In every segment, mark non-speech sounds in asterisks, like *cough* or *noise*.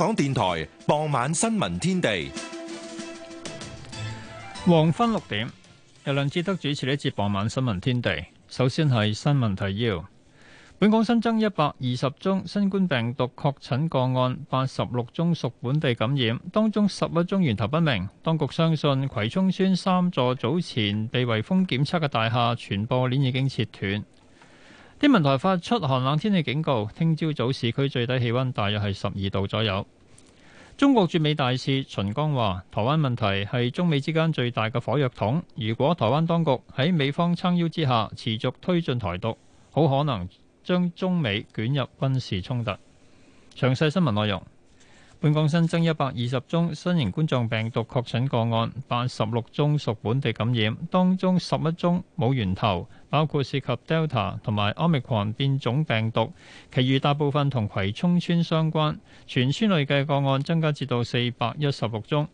香港電台傍晚新聞天地，黃昏六點由梁志德主持呢一節傍晚新聞天地。首先係新聞提要。本港新增一百二十宗新冠病毒確診個案，八十六宗屬本地感染，當中十一宗源頭不明。當局相信葵涌村三座早前被圍封檢測嘅大廈傳播鏈已經切斷。天文台發出寒冷天氣警告，聽朝早市區最低氣溫大約係十二度左右。中國駐美大使秦剛話：台灣問題係中美之間最大嘅火藥桶。如果台灣當局喺美方撐腰之下持續推進台獨，好可能將中美捲入軍事衝突。詳細新聞內容。本港新增一百二十宗新型冠狀病毒確診個案，八十六宗屬本地感染，當中十一宗冇源頭，包括涉及 Delta 同埋 Omicron 變種病毒，其餘大部分同葵涌邨相關，全村累計嘅個案增加至到四百一十六宗。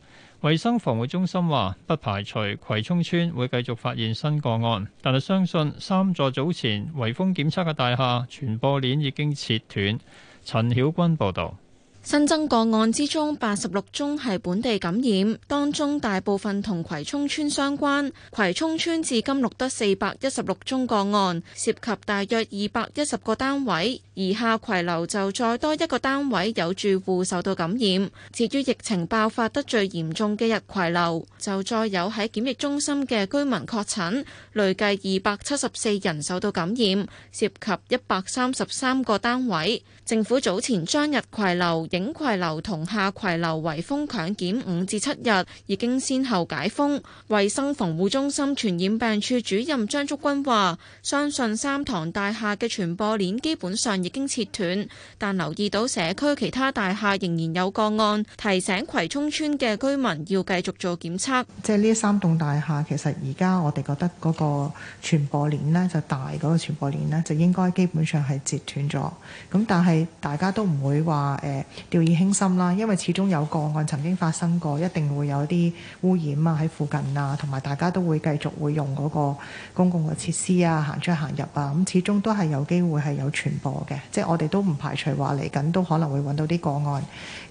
衛生防護中心話不排除葵涌邨會繼續發現新個案，但係相信三座早前圍封檢測嘅大廈傳播鏈已經切斷，陳曉君報道。新增個案之中，八十六宗係本地感染，當中大部分同葵涌村相關。葵涌村至今錄得四百一十六宗個案，涉及大約二百一十個單位。而下葵樓就再多一個單位有住戶受到感染。至於疫情爆發得最嚴重嘅日葵樓，就再有喺檢疫中心嘅居民確診，累計二百七十四人受到感染，涉及一百三十三個單位。政府早前將逸葵樓、映葵樓同夏葵樓圍封強檢五至七日，已經先後解封。衛生防護中心傳染病處主任張竹君話：相信三幢大廈嘅傳播鏈基本上已經切斷，但留意到社區其他大廈仍然有個案，提醒葵涌村嘅居民要繼續做檢測。即係呢三棟大廈其實而家我哋覺得嗰個傳播鏈呢，就大嗰個傳播鏈呢，就應該基本上係截斷咗。咁但係大家都唔會話誒、欸、掉以輕心啦，因為始終有個案曾經發生過，一定會有啲污染啊喺附近啊，同埋大家都會繼續會用嗰個公共嘅設施啊，行出行入啊，咁、嗯、始終都係有機會係有傳播嘅，即我哋都唔排除話嚟緊都可能會揾到啲個案，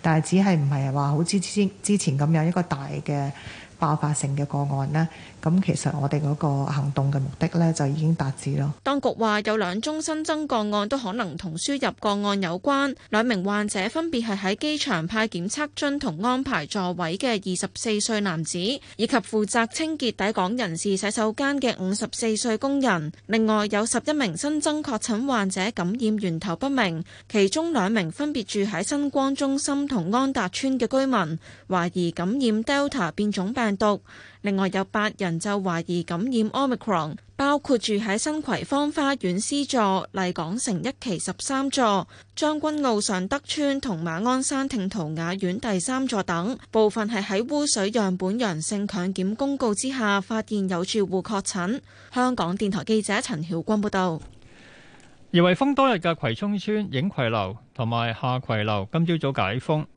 但係只係唔係話好似之之前咁樣一個大嘅爆發性嘅個案呢。咁其實我哋嗰個行動嘅目的呢，就已經達至咯。當局話有兩宗新增個案都可能同輸入個案有關，兩名患者分別係喺機場派檢測樽同安排座位嘅二十四歲男子，以及負責清潔抵港人士洗手間嘅五十四歲工人。另外有十一名新增確診患者感染源頭不明，其中兩名分別住喺新光中心同安達邨嘅居民，懷疑感染 Delta 變種病毒。另外有八人就懷疑感染 Omicron，包括住喺新葵芳花園 C 座、麗港城一期十三座、將軍澳上德邨同馬鞍山聽濤雅苑第三座等，部分係喺污水樣本陽性強檢公告之下發現有住戶確診。香港電台記者陳曉君報道。而圍封多日嘅葵涌村映葵樓同埋下葵樓，今朝早解封。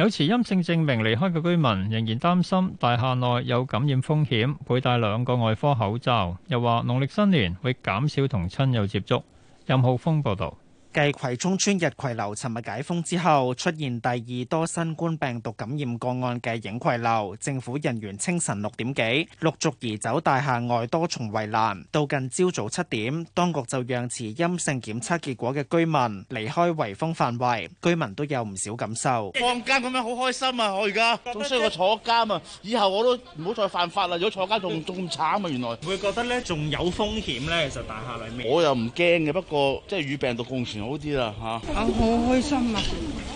有持陰性證明離開嘅居民仍然擔心大廈內有感染風險，佩戴兩個外科口罩。又話農曆新年會減少同親友接觸。任浩峰報導。繼葵涌村日葵樓尋日解封之後，出現第二多新冠病毒感染個案嘅影葵樓，政府人員清晨六點幾陸續移走大廈外多重圍欄，到近朝早七點，當局就讓持陰性檢測結果嘅居民離開圍封範圍。居民都有唔少感受，放監咁樣好開心啊！我而家仲衰過坐監啊！以後我都唔好再犯法啦，如果坐監仲仲咁慘啊！原來會覺得咧仲有風險咧，其實大廈裏面我又唔驚嘅，不過即係與病毒共存。好啲啦吓？我，啊、我好開心啊！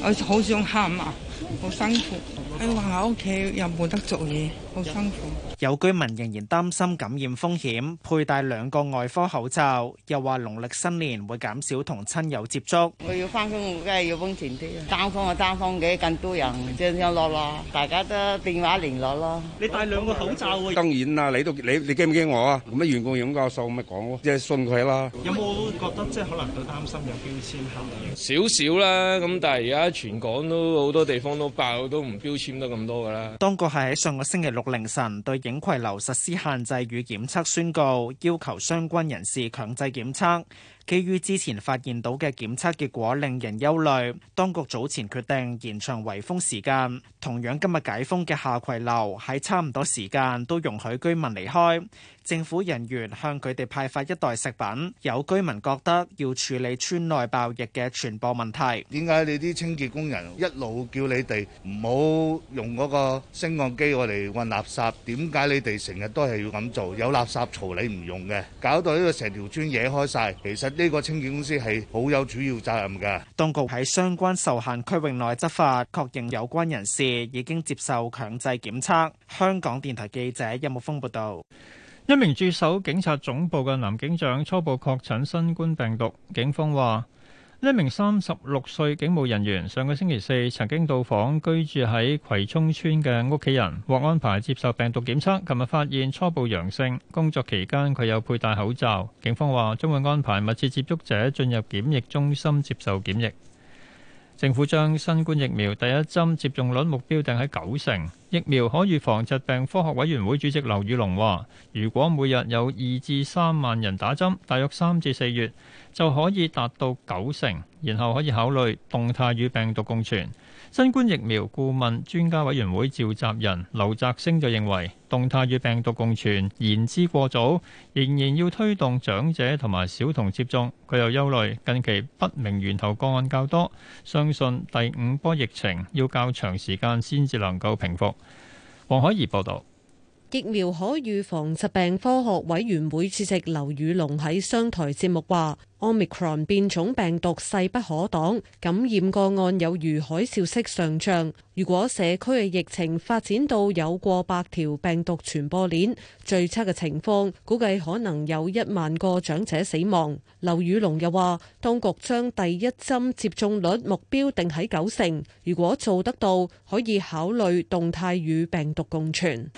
我好想喊啊！好辛苦，喺橫行屋企又冇得做嘢，好辛苦。有居民仍然擔心感染風險，佩戴兩個外科口罩，又話農曆新年會減少同親友接觸。我要翻工，梗係要封前啲。單方啊單方嘅咁多人，互相聯絡，大家都電話聯絡咯。你戴兩個口罩喎？當然啦，你都你你驚唔驚我啊？咁啊，袁國勇教授咁咪講咯，即係信佢啦。有冇覺得即係可能都擔心有標籤效應？少少啦，咁但係而家全港都好多地方都爆，都唔標籤得咁多㗎啦。當局係喺上個星期六凌晨對影。葵樓實施限制與檢測宣告，要求相關人士強制檢測。基於之前發現到嘅檢測結果令人憂慮，當局早前決定延長圍封時間。同樣今日解封嘅下葵樓喺差唔多時間都容許居民離開。政府人員向佢哋派發一袋食品。有居民覺得要處理村內爆疫嘅傳播問題。點解你啲清潔工人一路叫你哋唔好用嗰個升降機我嚟運垃圾？點解你哋成日都係要咁做？有垃圾槽你唔用嘅，搞到呢個成條村惹開晒。其實呢個清潔公司係好有主要責任㗎。當局喺相關受限區域內執法，確認有關人士已經接受強制檢測。香港電台記者任木峯報導。一名駐守警察總部嘅男警長初步確診新冠病毒。警方話，呢一名三十六歲警務人員上個星期四曾經到訪居住喺葵涌村嘅屋企人，獲安排接受病毒檢測，琴日發現初步陽性。工作期間佢有佩戴口罩。警方話，將會安排密切接觸者進入檢疫中心接受檢疫。政府將新冠疫苗第一針接種率目標定喺九成，疫苗可預防疾病科學委員會主席劉宇龍話，如果每日有二至三萬人打針，大約三至四月就可以達到九成，然後可以考慮動態與病毒共存。新冠疫苗顧問專家委員會召集人劉澤星就認為動態與病毒共存言之過早，仍然要推動長者同埋小童接種，佢又憂慮近期不明源頭個案較多，相信第五波疫情要較長時間先至能夠平復。黃海怡報道。疫苗可預防疾病科學委員會主席劉宇龍喺商台節目話，Omicron 變種病毒勢不可擋，感染個案有如海嘯式上漲。如果社區嘅疫情發展到有過百條病毒傳播鏈，最差嘅情況估計可能有一萬個長者死亡。劉宇龍又話，當局將第一針接種率目標定喺九成，如果做得到，可以考慮動態與病毒共存。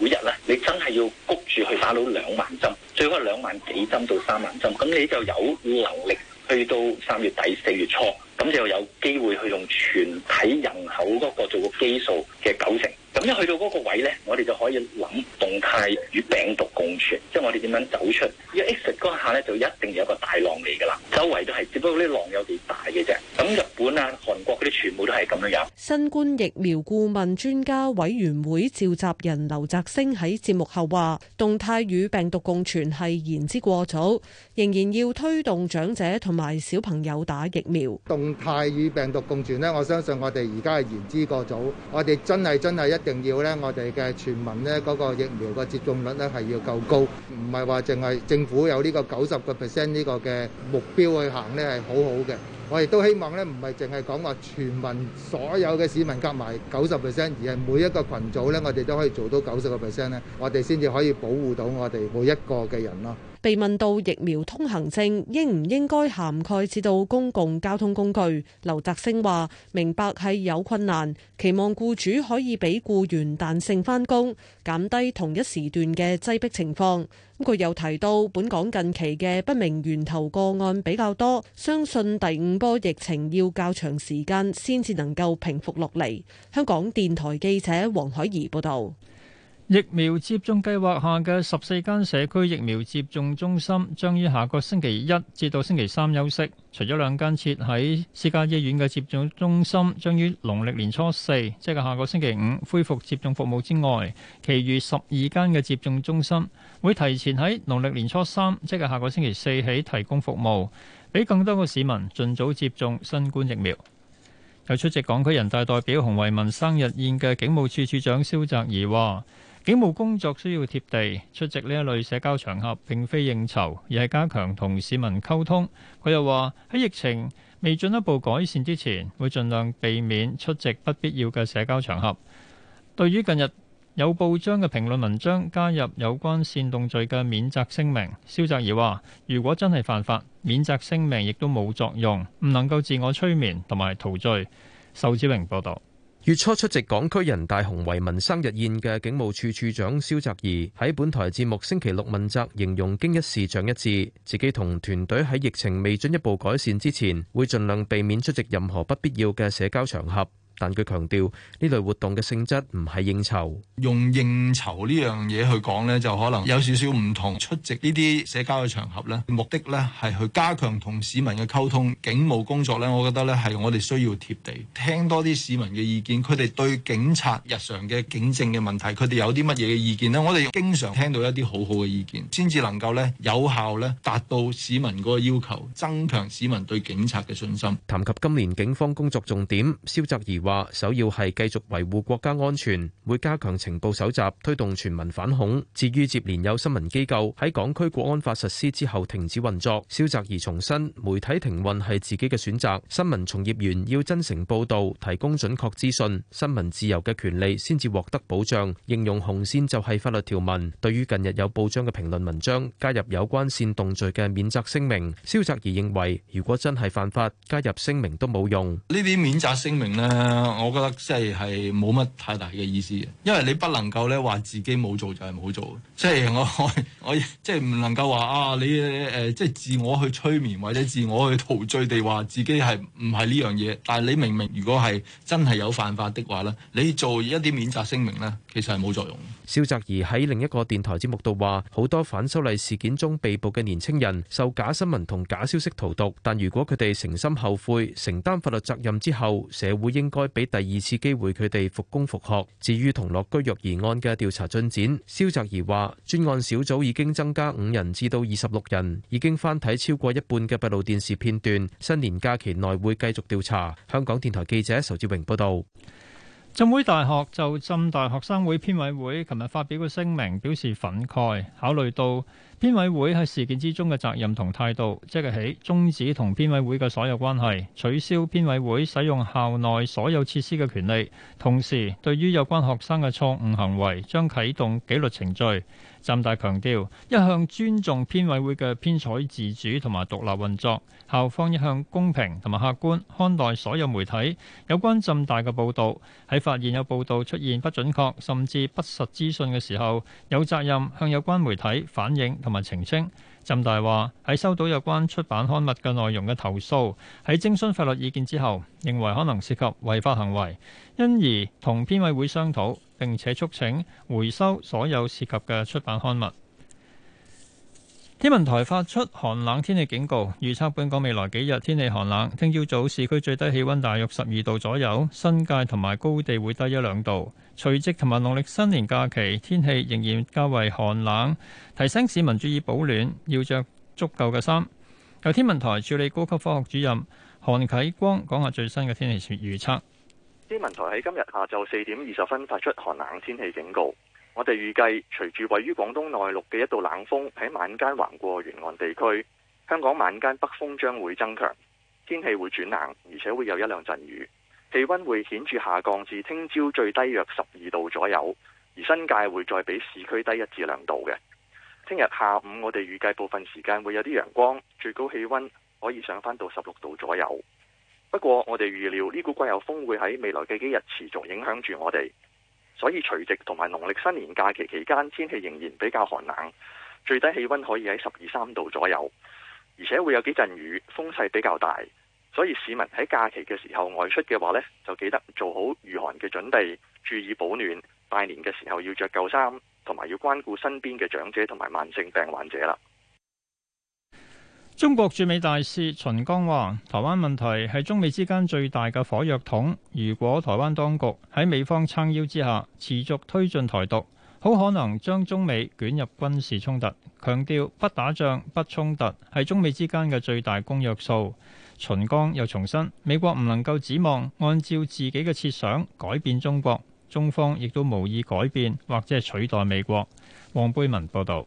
係要谷住去打到兩萬針，最好兩萬幾針到三萬針，咁你就有能力去到三月底四月初，咁就有機會去用全體人口嗰個做個基數嘅九成。咁一去到嗰個位咧，我哋就可以諗動態與病毒共存，即係我哋點樣走出。要 exit 嗰下咧，就一定有一個大浪嚟㗎啦，周圍都係只不過啲浪有幾大嘅啫。咁日本啊、韓國嗰啲全部都係咁樣樣。新冠疫苗顧問專家委員會召集人劉澤星喺節目後話動態與病毒共存係言之過早，仍然要推動長者同埋小朋友打疫苗。動態與病毒共存咧，我相信我哋而家係言之過早，我哋真係真係一。一定要咧，我哋嘅全民咧嗰個疫苗個接種率咧係要夠高，唔係話淨係政府有呢個九十個 percent 呢個嘅目標去行咧係好好嘅。我亦都希望咧，唔係淨係講話全民所有嘅市民夾埋九十 percent，而係每一個群組咧，我哋都可以做到九十個 percent 咧，我哋先至可以保護到我哋每一個嘅人咯。被問到疫苗通行證應唔應該涵蓋至到公共交通工具，劉澤星話：明白係有困難，期望僱主可以俾僱員彈性返工，減低同一時段嘅擠迫情況。咁佢又提到，本港近期嘅不明源頭個案比較多，相信第五波疫情要較長時間先至能夠平復落嚟。香港電台記者黃海怡報道。疫苗接種計劃下嘅十四間社區疫苗接種中心將於下個星期一至到星期三休息。除咗兩間設喺私家醫院嘅接種中心將於農曆年初四，即、就、係、是、下個星期五恢復接種服務之外，其餘十二間嘅接種中心會提前喺農曆年初三，即、就、係、是、下個星期四起提供服務，俾更多嘅市民盡早接種新冠疫苗。有出席港區人大代表洪維民生日宴嘅警務處處，處長蕭澤頤話。警務工作需要貼地出席呢一類社交場合，並非應酬，而係加強同市民溝通。佢又話：喺疫情未進一步改善之前，會盡量避免出席不必要嘅社交場合。對於近日有報章嘅評論文章加入有關煽動罪嘅免責聲明，蕭澤頤話：如果真係犯法，免責聲明亦都冇作用，唔能夠自我催眠同埋陶醉。仇志榮報導。月初出席港區人大洪為民生日宴嘅警務處處長蕭澤頤，喺本台節目星期六問責，形容經一事長一智，自己同團隊喺疫情未進一步改善之前，會盡量避免出席任何不必要嘅社交場合。但佢強調呢類活動嘅性質唔係應酬，用應酬呢樣嘢去講咧，就可能有少少唔同。出席呢啲社交嘅場合咧，目的咧係去加強同市民嘅溝通。警務工作咧，我覺得咧係我哋需要貼地，聽多啲市民嘅意見，佢哋對警察日常嘅警政嘅問題，佢哋有啲乜嘢嘅意見咧？我哋經常聽到一啲好好嘅意見，先至能夠咧有效咧達到市民嗰個要求，增強市民對警察嘅信心。談及今年警方工作重點，蕭澤頤話首要係繼續維護國家安全，會加強情報蒐集，推動全民反恐。至於接連有新聞機構喺港區國安法實施之後停止運作，蕭澤頤重申，媒體停運係自己嘅選擇。新聞從業員要真誠報道，提供準確資訊，新聞自由嘅權利先至獲得保障。應用紅線就係法律條文。對於近日有報章嘅評論文章加入有關煽動罪嘅免責聲明，蕭澤頤認為如果真係犯法，加入聲明都冇用。呢啲免責聲明呢。我覺得即係係冇乜太大嘅意思嘅，因為你不能夠咧話自己冇做就係冇做，即係我我即係唔能夠話啊你誒即係自我去催眠或者自我去陶醉地話自己係唔係呢樣嘢，但係你明明如果係真係有犯法的話咧，你做一啲免責聲明呢，其實係冇作用。蕭澤怡喺另一個電台節目度話：好多反修例事件中被捕嘅年青人受假新聞同假消息荼毒，但如果佢哋誠心後悔、承擔法律責任之後，社會應該，俾第二次機會佢哋復工復學。至於同樂居育兒案嘅調查進展，蕭澤怡話專案小組已經增加五人至到二十六人，已經翻睇超過一半嘅閉路電視片段。新年假期內會繼續調查。香港電台記者仇志榮報道。浸會大學就浸大學生會編委會琴日發表嘅聲明表示憤慨，考慮到。編委會喺事件之中嘅責任同態度，即日起終止同編委會嘅所有關係，取消編委會使用校內所有設施嘅權利。同時，對於有關學生嘅錯誤行為，將啟動紀律程序。浸大強調一向尊重編委會嘅編採自主同埋獨立運作，校方一向公平同埋客觀看待所有媒體有關浸大嘅報導。喺發現有報導出現不準確甚至不實資訊嘅時候，有責任向有關媒體反映。同埋澄清，浸大話喺收到有關出版刊物嘅內容嘅投訴，喺徵詢法律意見之後，認為可能涉及違法行為，因而同編委會商討，並且促請回收所有涉及嘅出版刊物。天文台發出寒冷天氣警告，預測本港未來幾日天氣寒冷。聽朝早市區最低氣溫大約十二度左右，新界同埋高地會低一兩度。除夕同埋農曆新年假期天氣仍然較為寒冷，提醒市民注意保暖，要着足夠嘅衫。由天文台助理高級科學主任韓啟光講下最新嘅天氣預測。天文台喺今日下晝四點二十分發出寒冷天氣警告。我哋預計，隨住位於廣東內陸嘅一道冷風喺晚間橫過沿岸地區，香港晚間北風將會增強，天氣會轉冷，而且會有一兩陣雨，氣温會顯著下降至聽朝最低約十二度左右，而新界會再比市區低一至兩度嘅。聽日下午，我哋預計部分時間會有啲陽光，最高氣温可以上返到十六度左右。不過，我哋預料呢股季候風會喺未來嘅幾日持續影響住我哋。所以除夕同埋農曆新年假期期間，天氣仍然比較寒冷，最低氣温可以喺十二三度左右，而且會有幾陣雨，風勢比較大。所以市民喺假期嘅時候外出嘅話咧，就記得做好御寒嘅準備，注意保暖。拜年嘅時候要着夠衫，同埋要關顧身邊嘅長者同埋慢性病患者啦。中國駐美大使秦剛話：台灣問題係中美之間最大嘅火藥桶。如果台灣當局喺美方撐腰之下持續推進台獨，好可能將中美捲入軍事衝突。強調不打仗、不衝突係中美之間嘅最大公約數。秦剛又重申，美國唔能夠指望按照自己嘅設想改變中國，中方亦都無意改變或者取代美國。黃貝文報道。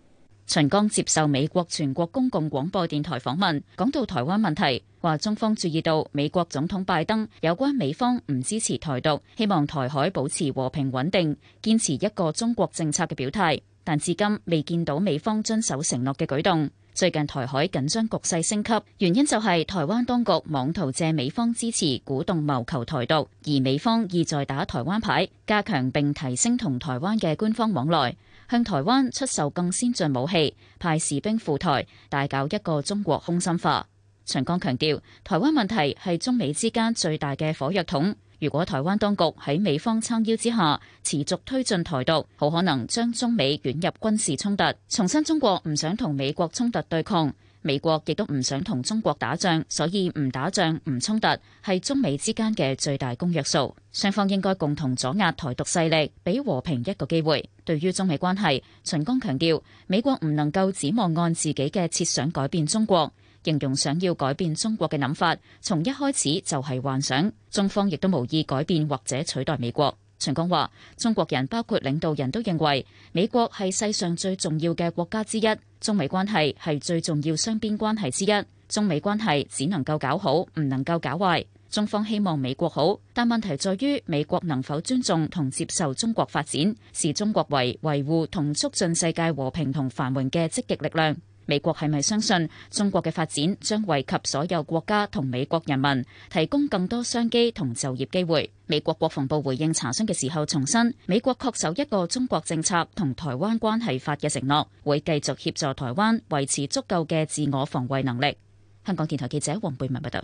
秦剛接受美國全國公共廣播電台訪問，講到台灣問題，話中方注意到美國總統拜登有關美方唔支持台獨，希望台海保持和平穩定，堅持一個中國政策嘅表態，但至今未見到美方遵守承諾嘅舉動。最近台海緊張局勢升級，原因就係台灣當局妄圖借美方支持鼓動謀求台獨，而美方意在打台灣牌，加強並提升同台灣嘅官方往來，向台灣出售更先進武器，派士兵赴台，大搞一個中國空心化。秦剛強調，台灣問題係中美之間最大嘅火藥桶。如果台灣當局喺美方撐腰之下持續推進台獨，好可能將中美捲入軍事衝突。重申中國唔想同美國衝突對抗。美國亦都唔想同中國打仗，所以唔打仗，唔衝突係中美之間嘅最大公約數。雙方應該共同阻壓台獨勢力，俾和平一個機會。對於中美關係，秦剛強調，美國唔能夠指望按自己嘅設想改變中國，形容想要改變中國嘅諗法從一開始就係幻想。中方亦都無意改變或者取代美國。秦剛話：中國人包括領導人都認為美國係世上最重要嘅國家之一，中美關係係最重要雙邊關係之一。中美關係只能夠搞好，唔能夠搞壞。中方希望美國好，但問題在於美國能否尊重同接受中國發展，視中國為維護同促進世界和平同繁榮嘅積極力量。美國係咪相信中國嘅發展將惠及所有國家同美國人民，提供更多商機同就業機會？美國國防部回應查詢嘅時候重申，美國恪守一個中國政策同台灣關係法嘅承諾，會繼續協助台灣維持足夠嘅自我防衛能力。香港電台記者黃貝文報道。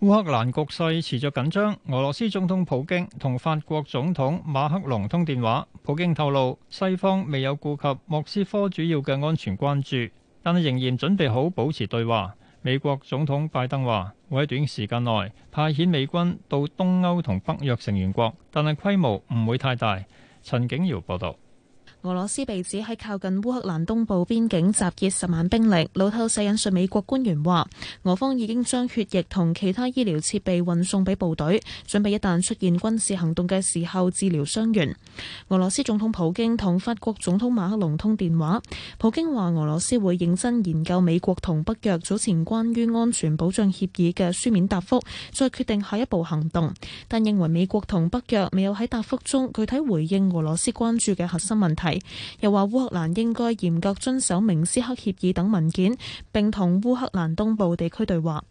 烏克蘭局勢持續緊張，俄羅斯總統普京同法國總統馬克龍通電話。普京透露，西方未有顧及莫斯科主要嘅安全關注，但係仍然準備好保持對話。美國總統拜登話，會喺短時間內派遣美軍到東歐同北約成員國，但係規模唔會太大。陳景堯報道。俄羅斯被指喺靠近烏克蘭東部邊境集結十萬兵力，路透社引述美國官員話，俄方已經將血液同其他醫療設備運送俾部隊，準備一旦出現軍事行動嘅時候治療傷員。俄羅斯總統普京同法國總統馬克龍通電話，普京話俄羅斯會認真研究美國同北約早前關於安全保障協議嘅書面答覆，再決定下一步行動，但認為美國同北約未有喺答覆中具體回應俄羅斯關注嘅核心問題。又話烏克蘭應該嚴格遵守明斯克協議等文件，並同烏克蘭東部地區對話。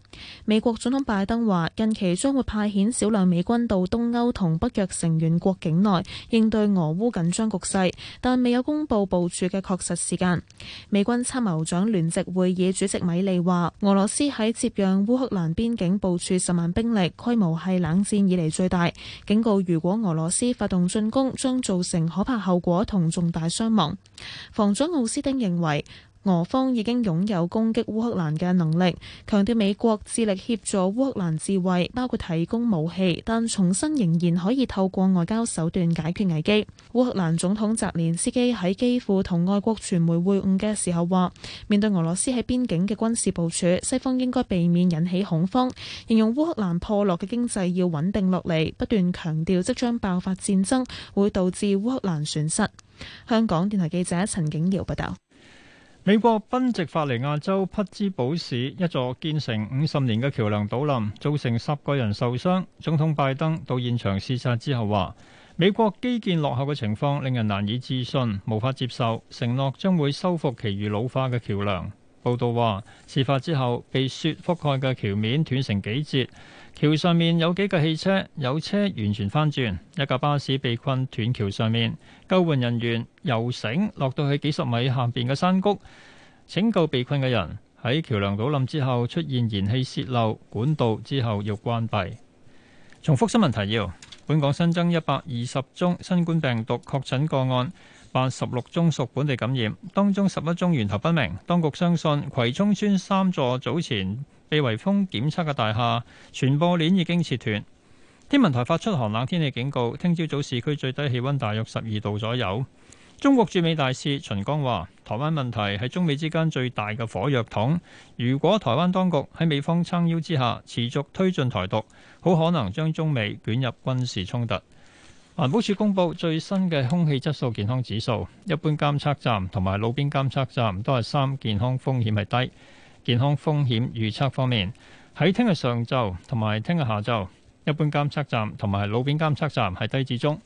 美國總統拜登話，近期將會派遣少量美軍到東歐同北約成員國境內，應對俄烏緊張局勢，但未有公布部署嘅確實時間。美軍參謀長聯席會議主席米利話，俄羅斯喺接壤烏克蘭邊境部署十萬兵力，規模係冷戰以嚟最大，警告如果俄羅斯發動進攻，將造成可怕後果同重大傷亡。防長奧斯汀認為，俄方已經擁有攻擊烏克蘭嘅能力，強調美國致力協助烏克蘭自衛，包括提供武器，但重新仍然可以透過外交手段解決危機。烏克蘭總統澤連斯基喺基輔同外國傳媒會晤嘅時候話，面對俄羅斯喺邊境嘅軍事部署，西方應該避免引起恐慌，形容烏克蘭破落嘅經濟要穩定落嚟，不斷強調即將爆發戰爭會導致烏克蘭損失。香港電台記者陳景堯報道：美國賓夕法尼亞州匹茲堡市一座建成五十年嘅橋樑倒冧，造成十個人受傷。總統拜登到現場視察之後話：美國基建落後嘅情況令人難以置信，無法接受，承諾將會修復其餘老化嘅橋樑。報道話，事發之後，被雪覆蓋嘅橋面斷成幾截。橋上面有幾架汽車，有車完全翻轉，一架巴士被困斷橋上面。救援人員游繩落到去幾十米下邊嘅山谷，拯救被困嘅人。喺橋梁倒冧之後，出現燃氣泄漏，管道之後又關閉。重複新聞提要：本港新增一百二十宗新冠病毒確診個案。八十六宗屬本地感染，當中十一宗源頭不明。當局相信葵涌村三座早前被圍封檢測嘅大廈傳播鏈已經切斷。天文台發出寒冷天氣警告，聽朝早市區最低氣温大約十二度左右。中國駐美大使秦剛話：台灣問題係中美之間最大嘅火藥桶，如果台灣當局喺美方撐腰之下持續推進台獨，好可能將中美捲入軍事衝突。環保署公布最新嘅空氣質素健康指數，一般監測站同埋路邊監測站都係三，健康風險係低。健康風險預測方面，喺聽日上晝同埋聽日下晝，一般監測站同埋路邊監測站係低至中。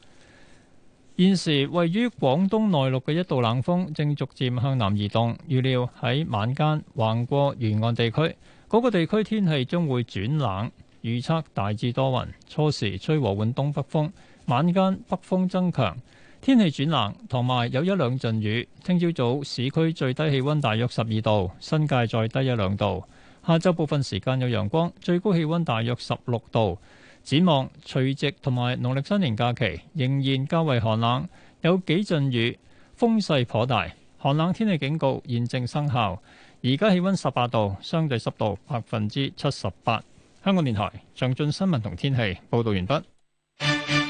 現時位於廣東內陸嘅一道冷鋒正逐漸向南移動，預料喺晚間橫過沿岸地區，嗰個地區天氣將會轉冷，預測大致多雲，初時吹和緩東北風。晚間北風增強，天氣轉冷，同埋有一兩陣雨。聽朝早，早市區最低氣溫大約十二度，新界再低一兩度。下晝部分時間有陽光，最高氣溫大約十六度。展望除夕同埋農曆新年假期，仍然較為寒冷，有幾陣雨，風勢頗大。寒冷天氣警告現正生效。而家氣溫十八度，相對濕度百分之七十八。香港電台詳盡新聞同天氣報道完畢。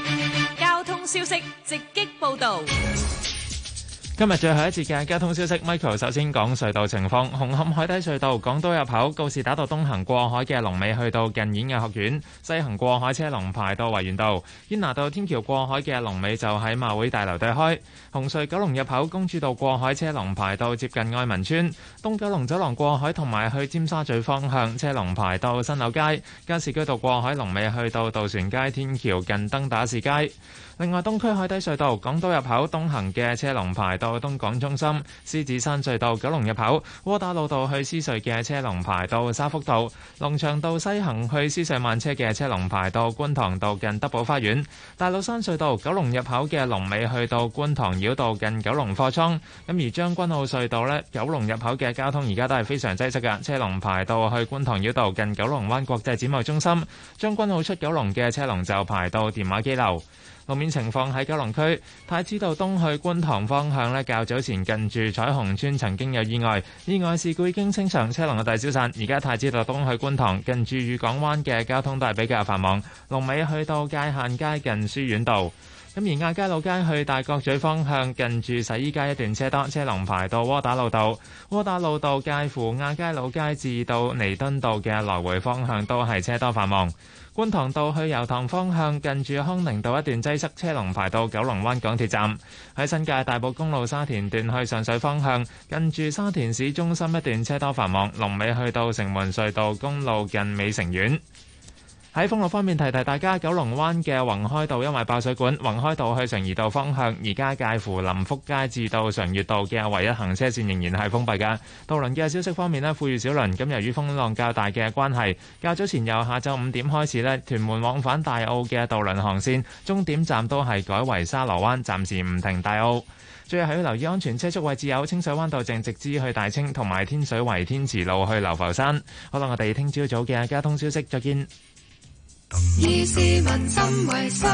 消息直擊報道。今日最後一節嘅交通消息，Michael 首先講隧道情況。紅磡海底隧道港島入口告士打道東行過海嘅龍尾去到近演藝學院；西行過海車龍排到維園道。堅拿道天橋過海嘅龍尾就喺馬會大樓對開。紅隧九龍入口公主道過海車龍排到接近愛民村。東九龍走廊過海同埋去尖沙咀方向車龍排到新樓街。加士居道過海龍尾去到渡船街天橋近登打士街。另外，東區海底隧道港島入口東行嘅車龍排到東港中心；獅子山隧道九龍入口窩打老道去獅隧嘅車龍排到沙福道；龍翔道西行去獅隧慢車嘅車龍排到觀塘道近德寶花園；大老山隧道九龍入口嘅龍尾去到觀塘繞道近九龍貨倉。咁而將軍澳隧道呢，九龍入口嘅交通而家都係非常擠塞嘅，車龍排到去觀塘繞道近九龍灣國際展貿中心。將軍澳出九龍嘅車龍就排到電話機樓。路面情況喺九龍區太子道東去觀塘方向咧，較早前近住彩虹邨曾經有意外，意外事故已經清場，車龍大消散。而家太子道東去觀塘近住御港灣嘅交通都係比較繁忙。龍尾去到界限街近書院道。咁而亞皆老街去大角咀方向近住洗衣街一段車多，車龍排到窩打老道。窩打老道介乎亞皆老街至到彌敦道嘅來回方向都係車多繁忙。觀塘道去油塘方向，近住康寧道一段擠塞，車龍排到九龍灣港鐵站。喺新界大埔公路沙田段去上水方向，近住沙田市中心一段車多繁忙，龍尾去到城門隧道公路近美城苑。喺風浪方面，提提大家。九龍灣嘅宏開道因為爆水管，宏開道去常怡道方向而家介乎臨福街至到常悅道嘅唯一行車線仍然係封閉嘅。渡輪嘅消息方面呢，富裕小輪咁，由於風浪較大嘅關係，較早前由下晝五點開始呢，屯門往返大澳嘅渡輪航線終點站都係改為沙螺灣，暫時唔停大澳。最後要留意安全車速位置，有清水灣道正直至去大清，同埋天水圍天慈路去流浮山。好啦，我哋聽朝早嘅交通消息，再見。以市民心為心，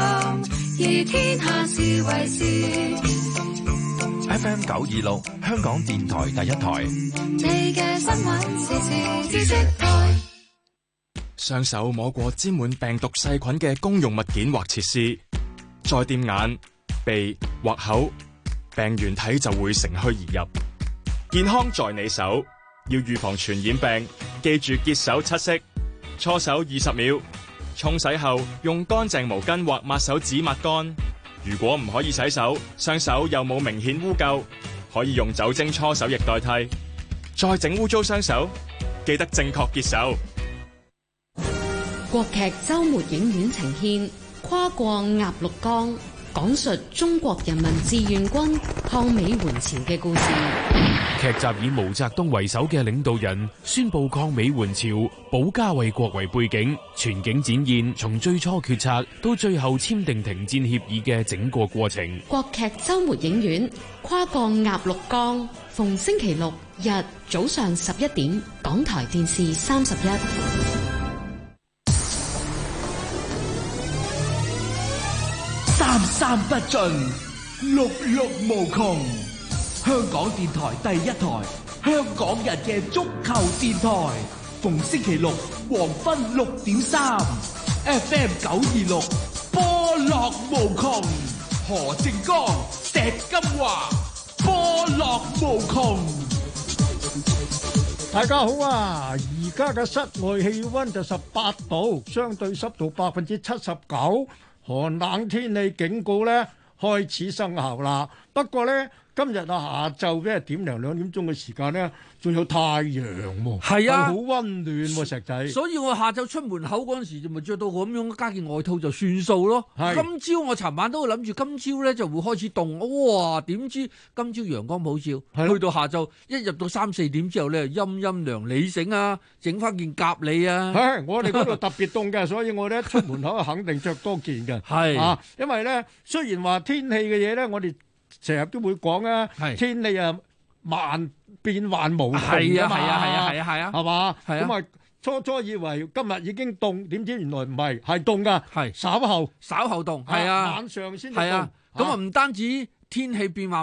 以天下事為事。FM 九二六，香港電台第一台。你嘅新聞時時知識台。雙手摸過沾滿病毒細菌嘅公用物件或設施，再掂眼、鼻或口，病原體就會乘虛而入。健康在你手，要預防傳染病，記住潔手七式，搓手二十秒。沖洗後用乾淨毛巾或抹手紙抹乾。如果唔可以洗手，雙手又冇明顯污垢，可以用酒精搓手液代替。再整污糟雙手，記得正確潔手。國劇周末影院呈現，跨過鴨綠江。講述中國人民志願軍抗美援朝嘅故事。劇集以毛澤東為首嘅領導人宣布抗美援朝，保家衛國為背景，全景展現從最初決策到最後簽訂停戰協議嘅整個過程。國劇週末影院，跨過鴨綠江，逢星期六日早上十一點，港台電視三十一。三不盡，六六無窮。香港電台第一台，香港人嘅足球電台，逢星期六黃昏六點三，FM 九二六，波落無窮。何正剛，石金華，波落無窮。大家好啊！而家嘅室內氣温就十八度，相對濕度百分之七十九。寒冷天氣警告呢，開始生效啦，不過呢。今日啊，下晝咧一點零兩點鐘嘅時間呢，仲有太陽喎，係啊，好溫、啊、暖喎、啊，石仔。所以我下晝出門口嗰陣時候就咪着到咁樣加件外套就算數咯。是今朝我尋晚都會諗住，今朝呢就會開始凍。哇！點知今朝陽光普照，啊、去到下晝一入到三四點之後呢，陰陰涼，你醒啊，整翻件夾你啊。我哋嗰度特別凍嘅， *laughs* 所以我咧一出門口肯定着多件嘅。係是。啊，因為呢，雖然話天氣嘅嘢呢，我哋。成日都會講啊，天氣啊萬變幻無窮㗎嘛，係啊係啊係啊係啊，係嘛？咁啊初初以為今日已經凍，點知原來唔係，係凍㗎，係，稍後稍後凍，係啊，晚上先凍啊，咁啊唔單止天氣變化。